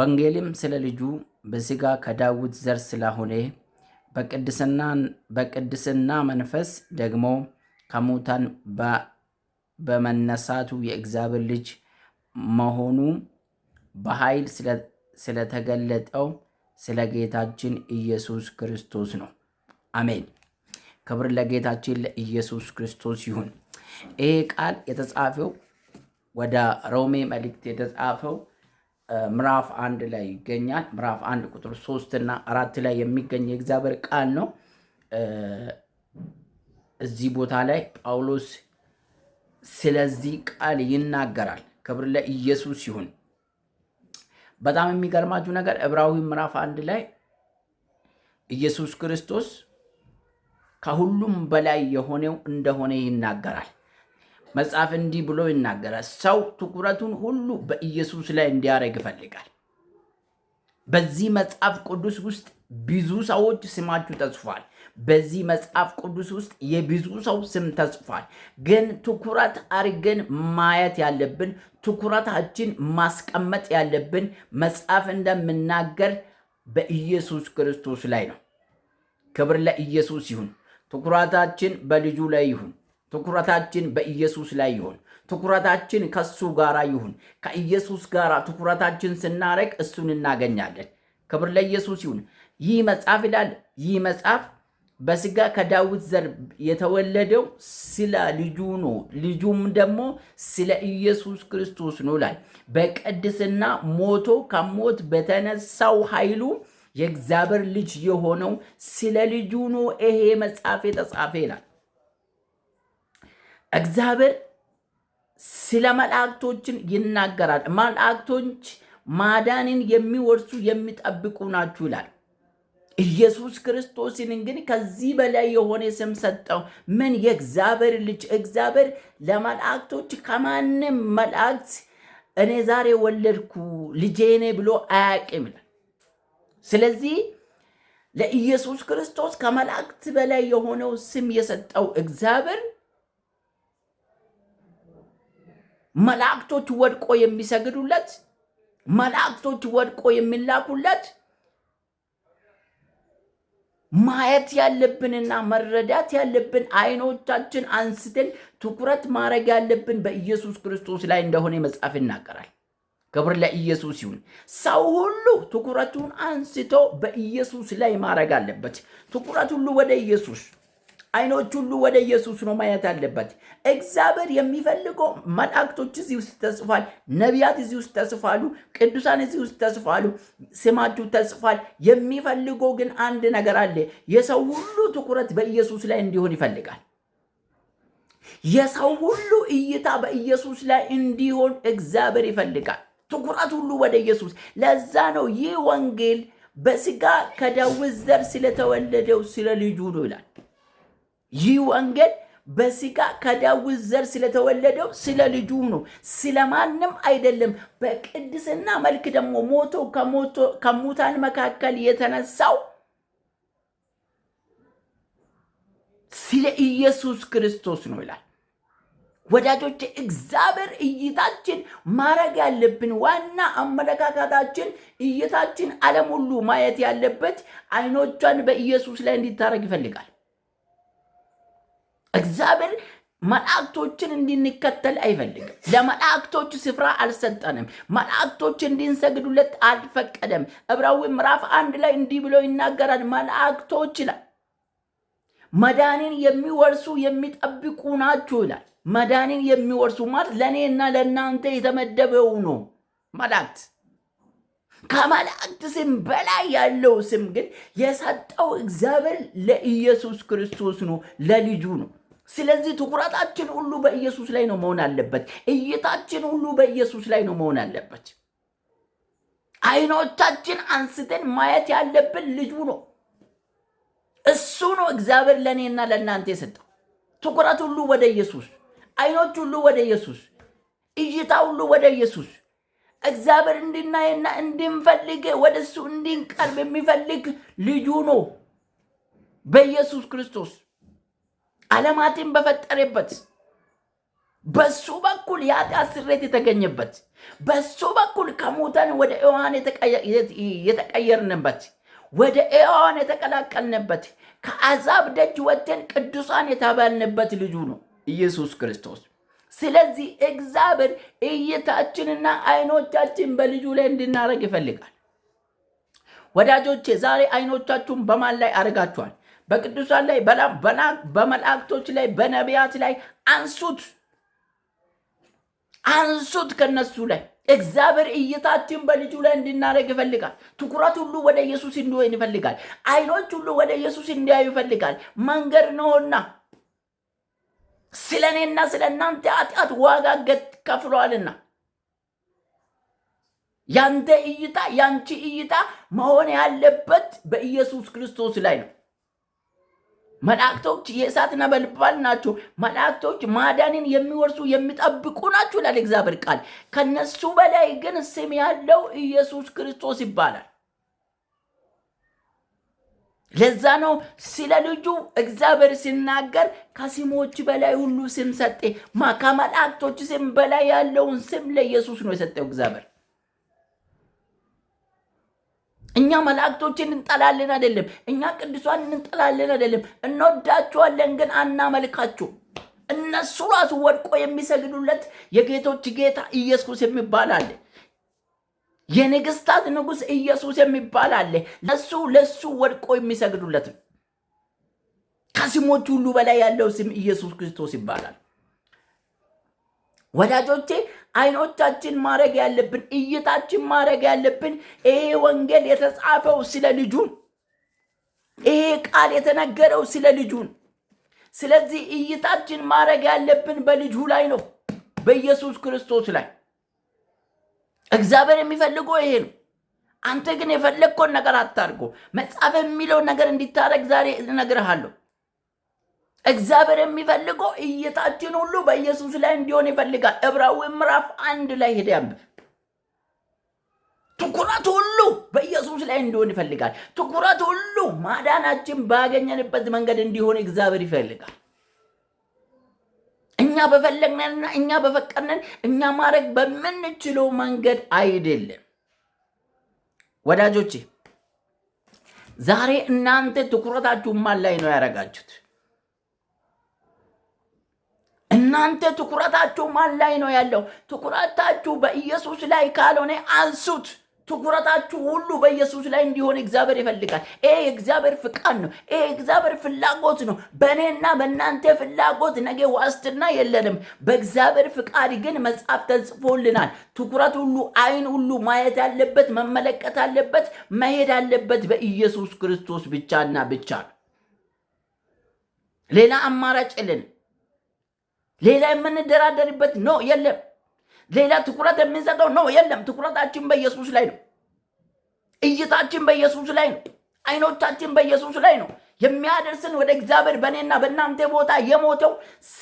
ወንጌልም ስለ ልጁ በሥጋ ከዳዊት ዘር ስለሆነ በቅድስና መንፈስ ደግሞ ከሙታን በመነሳቱ የእግዚአብሔር ልጅ መሆኑ በኃይል ስለተገለጠው ስለ ጌታችን ኢየሱስ ክርስቶስ ነው። አሜን። ክብር ለጌታችን ለኢየሱስ ክርስቶስ ይሁን። ይሄ ቃል የተጻፈው ወደ ሮሜ መልእክት የተጻፈው ምዕራፍ አንድ ላይ ይገኛል። ምዕራፍ አንድ ቁጥር ሶስት እና አራት ላይ የሚገኝ የእግዚአብሔር ቃል ነው። እዚህ ቦታ ላይ ጳውሎስ ስለዚህ ቃል ይናገራል። ክብር ለኢየሱስ ይሁን። በጣም የሚገርማችሁ ነገር ዕብራዊ ምዕራፍ አንድ ላይ ኢየሱስ ክርስቶስ ከሁሉም በላይ የሆነው እንደሆነ ይናገራል። መጽሐፍ እንዲህ ብሎ ይናገራል። ሰው ትኩረቱን ሁሉ በኢየሱስ ላይ እንዲያደርግ ይፈልጋል። በዚህ መጽሐፍ ቅዱስ ውስጥ ብዙ ሰዎች ስማችሁ ተጽፏል። በዚህ መጽሐፍ ቅዱስ ውስጥ የብዙ ሰው ስም ተጽፏል። ግን ትኩረት አድርገን ማየት ያለብን ትኩረታችን ማስቀመጥ ያለብን መጽሐፍ እንደምናገር በኢየሱስ ክርስቶስ ላይ ነው። ክብር ለኢየሱስ ይሁን። ትኩረታችን በልጁ ላይ ይሁን። ትኩረታችን በኢየሱስ ላይ ይሁን። ትኩረታችን ከሱ ጋር ይሁን። ከኢየሱስ ጋር ትኩረታችን ስናረግ እሱን እናገኛለን። ክብር ለኢየሱስ ይሁን። ይህ መጽሐፍ ይላል ይህ መጽሐፍ በስጋ ከዳዊት ዘር የተወለደው ስለ ልጁ ነው፣ ልጁም ደግሞ ስለ ኢየሱስ ክርስቶስ ነው። ላይ በቅድስና ሞቶ ከሞት በተነሳው ኃይሉ የእግዚአብሔር ልጅ የሆነው ስለ ልጁ ነው ይሄ መጽሐፍ የተጻፈ ይላል። እግዚአብሔር ስለ መላእክቶችን ይናገራል። መላእክቶች ማዳንን የሚወርሱ የሚጠብቁ ናችሁ ይላል። ኢየሱስ ክርስቶስን ግን ከዚህ በላይ የሆነ ስም ሰጠው። ምን የእግዚአብሔር ልጅ። እግዚአብሔር ለመላእክቶች ከማንም መላእክት እኔ ዛሬ ወለድኩ ልጄኔ ብሎ አያውቅም ይላል። ስለዚህ ለኢየሱስ ክርስቶስ ከመላእክት በላይ የሆነው ስም የሰጠው እግዚአብሔር መላእክቶች ወድቆ የሚሰግዱለት፣ መላእክቶች ወድቆ የሚላኩለት ማየት ያለብንና መረዳት ያለብን አይኖቻችን አንስተን ትኩረት ማድረግ ያለብን በኢየሱስ ክርስቶስ ላይ እንደሆነ መጽሐፍ ይናገራል። ክብር ለኢየሱስ ይሁን። ሰው ሁሉ ትኩረቱን አንስቶ በኢየሱስ ላይ ማድረግ አለበት። ትኩረት ሁሉ ወደ ኢየሱስ አይኖች ሁሉ ወደ ኢየሱስ ነው ማየት ያለበት። እግዚአብሔር የሚፈልገው መላእክቶች እዚህ ውስጥ ተጽፏል፣ ነቢያት እዚህ ውስጥ ተጽፋሉ፣ ቅዱሳን እዚህ ውስጥ ተጽፋሉ፣ ስማችሁ ተጽፏል። የሚፈልገው ግን አንድ ነገር አለ። የሰው ሁሉ ትኩረት በኢየሱስ ላይ እንዲሆን ይፈልጋል። የሰው ሁሉ እይታ በኢየሱስ ላይ እንዲሆን እግዚአብሔር ይፈልጋል። ትኩረት ሁሉ ወደ ኢየሱስ። ለዛ ነው ይህ ወንጌል በስጋ ከዳዊት ዘር ስለተወለደው ስለ ልጁ ነው ይላል። ይህ ወንጌል በስጋ ከዳዊት ዘር ስለተወለደው ስለ ልጁ ነው፣ ስለ ማንም አይደለም። በቅድስና መልክ ደግሞ ሞቶ ከሙታን መካከል የተነሳው ስለ ኢየሱስ ክርስቶስ ነው ይላል። ወዳጆች እግዚአብሔር እይታችን ማድረግ ያለብን ዋና አመለካከታችን እይታችን ዓለም ሁሉ ማየት ያለበት አይኖቿን በኢየሱስ ላይ እንዲታረግ ይፈልጋል። እግዚአብሔር መላእክቶችን እንድንከተል አይፈልግም። ለመላእክቶቹ ስፍራ አልሰጠንም። መላእክቶች እንድንሰግዱለት አልፈቀደም። ዕብራዊ ምዕራፍ አንድ ላይ እንዲህ ብሎ ይናገራል። መላእክቶች ይላል መዳንን የሚወርሱ የሚጠብቁ ናችሁ ይላል። መዳንን የሚወርሱ ማለት ለእኔና ለእናንተ የተመደበው ነው መላእክት ከመላእክት ስም በላይ ያለው ስም ግን የሰጠው እግዚአብሔር ለኢየሱስ ክርስቶስ ነው፣ ለልጁ ነው። ስለዚህ ትኩረታችን ሁሉ በኢየሱስ ላይ ነው መሆን አለበት። እይታችን ሁሉ በኢየሱስ ላይ ነው መሆን አለበት። አይኖቻችን አንስተን ማየት ያለብን ልጁ ነው። እሱ ነው እግዚአብሔር ለእኔና ለእናንተ የሰጠው። ትኩረት ሁሉ ወደ ኢየሱስ፣ አይኖች ሁሉ ወደ ኢየሱስ፣ እይታ ሁሉ ወደ ኢየሱስ። እግዚአብሔር እንድናይና እንድንፈልግ ወደ እሱ እንድንቀርብ የሚፈልግ ልጁ ነው በኢየሱስ ክርስቶስ ዓለማትን በፈጠረበት በሱ በኩል የኃጢአት ስርየት የተገኘበት በሱ በኩል ከሙተን ወደ ሕያዋን የተቀየርንበት ወደ ሕያዋን የተቀላቀልንበት ከአዛብ ደጅ ወጥተን ቅዱሳን የተባልንበት ልጁ ነው ኢየሱስ ክርስቶስ። ስለዚህ እግዚአብሔር እይታችንና አይኖቻችን በልጁ ላይ እንድናደርግ ይፈልጋል። ወዳጆቼ ዛሬ አይኖቻችሁን በማን ላይ አድርጋችኋል? በቅዱሳን ላይ በመላእክቶች ላይ በነቢያት ላይ አንሱት፣ አንሱት ከነሱ ላይ እግዚአብሔር እይታችን በልጁ ላይ እንድናደርግ ይፈልጋል። ትኩረት ሁሉ ወደ ኢየሱስ እንዲሆን ይፈልጋል። አይኖች ሁሉ ወደ ኢየሱስ እንዲያዩ ይፈልጋል። መንገድ ነውና ስለ እኔና ስለ እናንተ ኃጢአት ዋጋ ከፍሏልና ያንተ እይታ ያንቺ እይታ መሆን ያለበት በኢየሱስ ክርስቶስ ላይ ነው። መላእክቶች የእሳት ነበልባል ናቸው። መላእክቶች ማዳንን የሚወርሱ የሚጠብቁ ናቸው ይላል እግዚአብሔር ቃል። ከነሱ በላይ ግን ስም ያለው ኢየሱስ ክርስቶስ ይባላል። ለዛ ነው ስለ ልጁ እግዚአብሔር ሲናገር ከስሞች በላይ ሁሉ ስም ሰጤ ከመላእክቶች ስም በላይ ያለውን ስም ለኢየሱስ ነው የሰጠው እግዚአብሔር። እኛ መላእክቶችን እንጠላለን አይደለም። እኛ ቅዱሷን እንጠላለን አይደለም። እንወዳችኋለን፣ ግን አናመልካችሁ። እነሱ ራሱ ወድቆ የሚሰግዱለት የጌቶች ጌታ ኢየሱስ የሚባል አለ። የንግስታት ንጉሥ ኢየሱስ የሚባል አለ። ለሱ ለሱ ወድቆ የሚሰግዱለት ከስሞች ሁሉ በላይ ያለው ስም ኢየሱስ ክርስቶስ ይባላል። ወዳጆቼ አይኖቻችን ማድረግ ያለብን እይታችን ማድረግ ያለብን ይሄ ወንጌል የተጻፈው ስለ ልጁን፣ ይሄ ቃል የተነገረው ስለ ልጁን። ስለዚህ እይታችን ማድረግ ያለብን በልጁ ላይ ነው፣ በኢየሱስ ክርስቶስ ላይ። እግዚአብሔር የሚፈልገው ይሄ ነው። አንተ ግን የፈለግከውን ነገር አታርጎ መጽሐፍ የሚለውን ነገር እንዲታረግ ዛሬ እነግርሃለሁ። እግዚአብሔር የሚፈልገው እይታችን ሁሉ በኢየሱስ ላይ እንዲሆን ይፈልጋል። ዕብራዊ ምዕራፍ አንድ ላይ ሄደ ያንብብ። ትኩረት ሁሉ በኢየሱስ ላይ እንዲሆን ይፈልጋል። ትኩረት ሁሉ ማዳናችን ባገኘንበት መንገድ እንዲሆን እግዚአብሔር ይፈልጋል። እኛ በፈለግነንና እኛ በፈቀድነን እኛ ማድረግ በምንችለው መንገድ አይደለም። ወዳጆቼ ዛሬ እናንተ ትኩረታችሁ ማን ላይ ነው ያደረጋችሁት? እናንተ ትኩረታችሁ ማን ላይ ነው ያለው? ትኩረታችሁ በኢየሱስ ላይ ካልሆነ አንሱት። ትኩረታችሁ ሁሉ በኢየሱስ ላይ እንዲሆን እግዚአብሔር ይፈልጋል። ይሄ የእግዚአብሔር ፍቃድ ነው። ይሄ የእግዚአብሔር ፍላጎት ነው። በእኔና በእናንተ ፍላጎት ነገ ዋስትና የለንም። በእግዚአብሔር ፍቃድ ግን መጽሐፍ ተጽፎልናል። ትኩረት ሁሉ፣ አይን ሁሉ ማየት ያለበት መመለከት አለበት መሄድ አለበት በኢየሱስ ክርስቶስ ብቻና ብቻ ነው። ሌላ አማራጭ የለንም። ሌላ የምንደራደርበት ነው የለም። ሌላ ትኩረት የምንሰጠው ነው የለም። ትኩረታችን በኢየሱስ ላይ ነው። እይታችን በኢየሱስ ላይ ነው። አይኖቻችን በኢየሱስ ላይ ነው። የሚያደርስን ወደ እግዚአብሔር በእኔና በእናንተ ቦታ የሞተው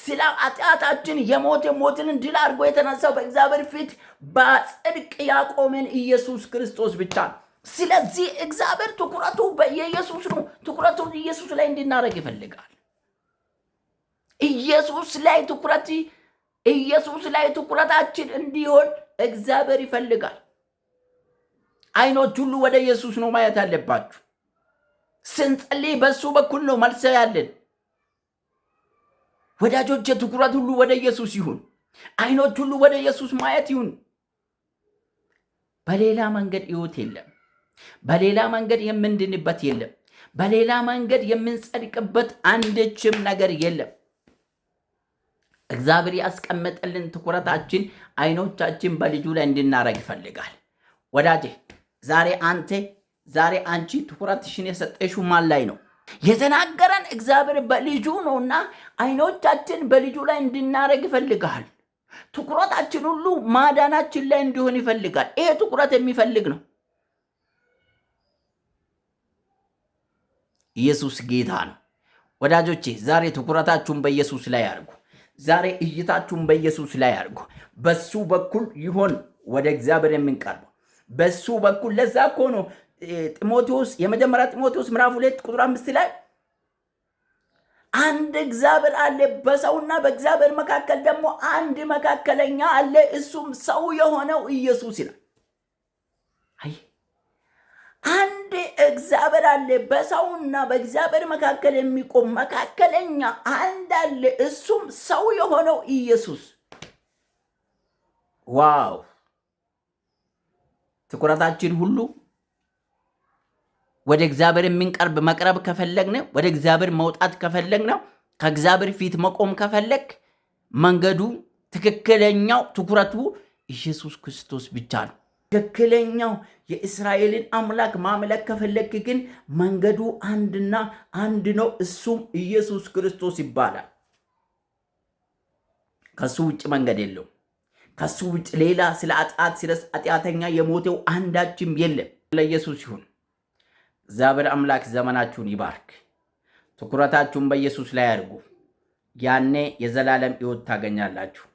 ስለ ኃጢአታችን የሞተ ሞትን ድል አድርጎ የተነሳው በእግዚአብሔር ፊት በጽድቅ ያቆመን ኢየሱስ ክርስቶስ ብቻ ነው። ስለዚህ እግዚአብሔር ትኩረቱ የኢየሱስ ነው። ትኩረቱ ኢየሱስ ላይ እንድናደርግ ይፈልጋል። ኢየሱስ ላይ ትኩረት ኢየሱስ ላይ ትኩረታችን እንዲሆን እግዚአብሔር ይፈልጋል። አይኖች ሁሉ ወደ ኢየሱስ ነው ማየት አለባችሁ። ስንጸልይ በሱ በኩል ነው መልሰ ያለን። ወዳጆች የትኩረት ሁሉ ወደ ኢየሱስ ይሁን። አይኖች ሁሉ ወደ ኢየሱስ ማየት ይሁን። በሌላ መንገድ ህይወት የለም። በሌላ መንገድ የምንድንበት የለም። በሌላ መንገድ የምንጸድቅበት አንድችም ነገር የለም። እግዚአብሔር ያስቀመጠልን ትኩረታችን አይኖቻችን በልጁ ላይ እንድናረግ ይፈልጋል። ወዳጄ ዛሬ አንተ ዛሬ አንቺ ትኩረትሽን የሰጠሹ ማን ላይ ነው? የተናገረን እግዚአብሔር በልጁ ነውና አይኖቻችን በልጁ ላይ እንድናረግ ይፈልጋል። ትኩረታችን ሁሉ ማዳናችን ላይ እንዲሆን ይፈልጋል። ይሄ ትኩረት የሚፈልግ ነው። ኢየሱስ ጌታ ነው። ወዳጆቼ ዛሬ ትኩረታችሁን በኢየሱስ ላይ አድርጉ። ዛሬ እይታችሁን በኢየሱስ ላይ አድርጉ። በሱ በኩል ይሆን ወደ እግዚአብሔር የምንቀርበው በሱ በኩል። ለዛ እኮ ነው ጢሞቴዎስ የመጀመሪያ ጢሞቴዎስ ምዕራፍ ሁለት ቁጥር አምስት ላይ አንድ እግዚአብሔር አለ፣ በሰውና በእግዚአብሔር መካከል ደግሞ አንድ መካከለኛ አለ፣ እሱም ሰው የሆነው ኢየሱስ ይላል። አንድ እግዚአብሔር አለ። በሰውና በእግዚአብሔር መካከል የሚቆም መካከለኛ አንድ አለ። እሱም ሰው የሆነው ኢየሱስ። ዋው! ትኩረታችን ሁሉ ወደ እግዚአብሔር የምንቀርብ መቅረብ ከፈለግን፣ ወደ እግዚአብሔር መውጣት ከፈለግነ ከእግዚአብሔር ፊት መቆም ከፈለግ መንገዱ ትክክለኛው ትኩረቱ ኢየሱስ ክርስቶስ ብቻ ነው። ትክክለኛው የእስራኤልን አምላክ ማምለክ ከፈለግ ግን መንገዱ አንድና አንድ ነው። እሱም ኢየሱስ ክርስቶስ ይባላል። ከሱ ውጭ መንገድ የለውም። ከሱ ውጭ ሌላ ስለ አጣት ስለ አጢአተኛ የሞተው አንዳችም የለም። ለኢየሱስ ይሁን። እግዚአብሔር አምላክ ዘመናችሁን ይባርክ። ትኩረታችሁን በኢየሱስ ላይ አድርጉ። ያኔ የዘላለም ሕይወት ታገኛላችሁ።